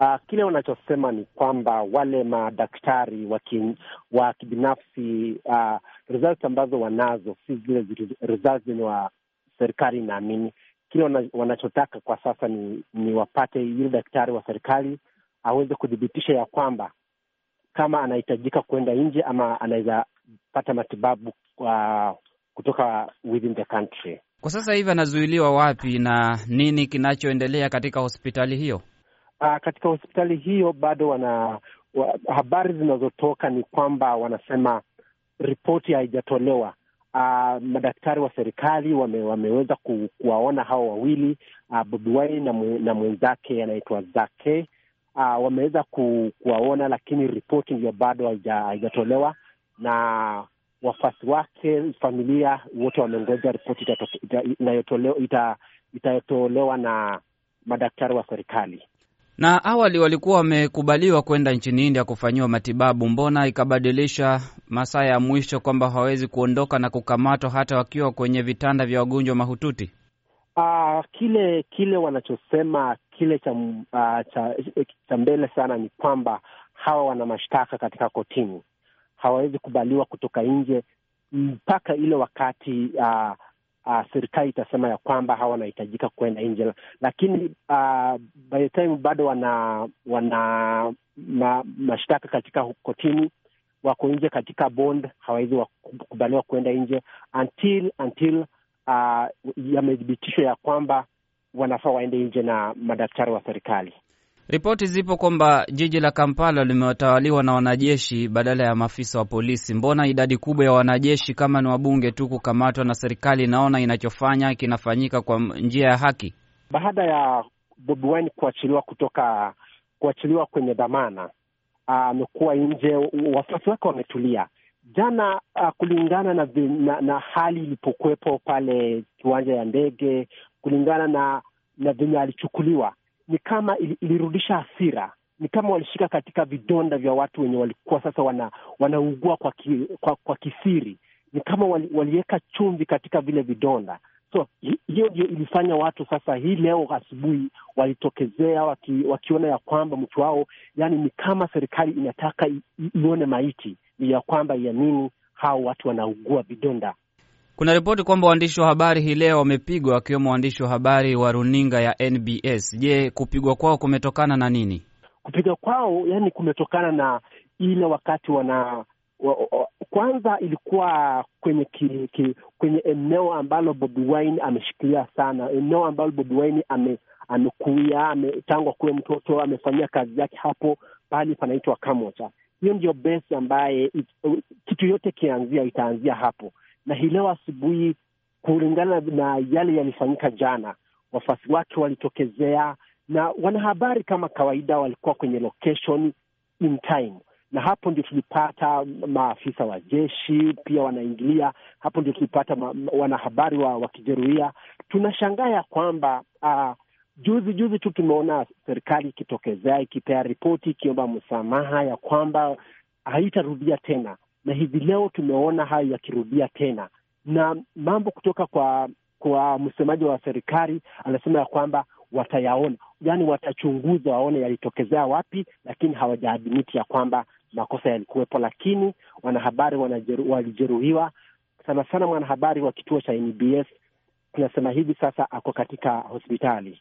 Uh, kile wanachosema ni kwamba wale madaktari wa kibinafsi uh, results ambazo wanazo si zile results zenye wa serikali inaamini. Kile wanachotaka kwa sasa ni, ni wapate yule daktari wa serikali aweze kuthibitisha ya kwamba kama anahitajika kuenda nje ama anaweza pata matibabu uh, kutoka within the country. Kwa sasa hivi anazuiliwa wapi na nini kinachoendelea katika hospitali hiyo? Uh, katika hospitali hiyo bado wana wa, habari zinazotoka ni kwamba wanasema ripoti haijatolewa. Uh, madaktari wa serikali wame, wameweza ku, kuwaona hao wawili uh, Bobi Wine na, mu, na mwenzake anaitwa Zake uh, wameweza ku, kuwaona, lakini ripoti ndiyo bado haijatolewa na wafuasi wake, familia wote wamengoja ripoti itayotolewa ita, ita, ita na madaktari wa serikali na awali walikuwa wamekubaliwa kwenda nchini India kufanyiwa matibabu, mbona ikabadilisha masaa ya mwisho kwamba hawawezi kuondoka na kukamatwa hata wakiwa kwenye vitanda vya wagonjwa mahututi? Uh, kile kile wanachosema kile cha, uh, cha, cha mbele sana ni kwamba hawa wana mashtaka katika kotini, hawawezi kubaliwa kutoka nje mpaka ile wakati uh, uh, serikali itasema ya kwamba hawa wanahitajika kuenda nje, lakini uh, by the time bado wana wana ma, mashtaka katika kotini, wako nje katika bond, hawawezi wakubaliwa kuenda nje until until uh, yamethibitishwa ya kwamba wanafaa waende nje na madaktari wa serikali. Ripoti zipo kwamba jiji la Kampala limetawaliwa na wanajeshi badala ya maafisa wa polisi. Mbona idadi kubwa ya wanajeshi kama ni wabunge tu kukamatwa na serikali inaona inachofanya kinafanyika kwa njia ya haki? Baada ya Bobi Wine kuachiliwa kutoka kuachiliwa kwenye dhamana, ah, amekuwa nje, wafuasi wake wametulia. Jana a, ah, kulingana na, na, na hali ilipokuwepo pale kiwanja ya ndege, kulingana na na venye alichukuliwa ni kama ilirudisha hasira, ni kama walishika katika vidonda vya watu wenye walikuwa sasa wana, wanaugua kwa, ki, kwa, kwa kisiri, ni kama wali, waliweka chumvi katika vile vidonda. So hiyo ndio ilifanya watu sasa hii leo asubuhi walitokezea waki, wakiona ya kwamba mtu wao, yani ni kama serikali inataka ione maiti ya kwamba ya nini hao watu wanaugua vidonda kuna ripoti kwamba waandishi wa habari hii leo wamepigwa wakiwemo waandishi wa habari wa runinga ya NBS. Je, kupigwa kwao kumetokana na nini? Kupigwa kwao yani kumetokana na ile wakati wana wa, wa, kwanza ilikuwa kwenye ki, ki, kwenye eneo ambalo Bobi Wine ameshikilia sana, eneo ambalo Bobi Wine ame, amekuia ame, tangu akuwe mtoto amefanyia kazi yake hapo, pahali panaitwa Kamwota. Hiyo ndio base ambaye it, kitu yote kianzia itaanzia hapo na hii leo asubuhi, kulingana na yale yalifanyika jana, wafuasi wake walitokezea na wanahabari kama kawaida walikuwa kwenye location in time, na hapo ndio tulipata maafisa wa jeshi pia wanaingilia hapo, ndio tulipata wanahabari wa, wakijeruhia. Tunashangaa ya kwamba uh, juzi juzi tu tumeona serikali ikitokezea ikipea ripoti ikiomba msamaha ya kwamba haitarudia tena na hivi leo tumeona hayo yakirudia tena, na mambo kutoka kwa kwa msemaji wa serikali anasema ya kwamba watayaona, yani watachunguza waone yalitokezea wapi, lakini hawajaadhimiti ya kwamba makosa yalikuwepo, lakini wanahabari walijeruhiwa sana sana. Mwanahabari wa kituo cha NBS tunasema hivi sasa ako katika hospitali.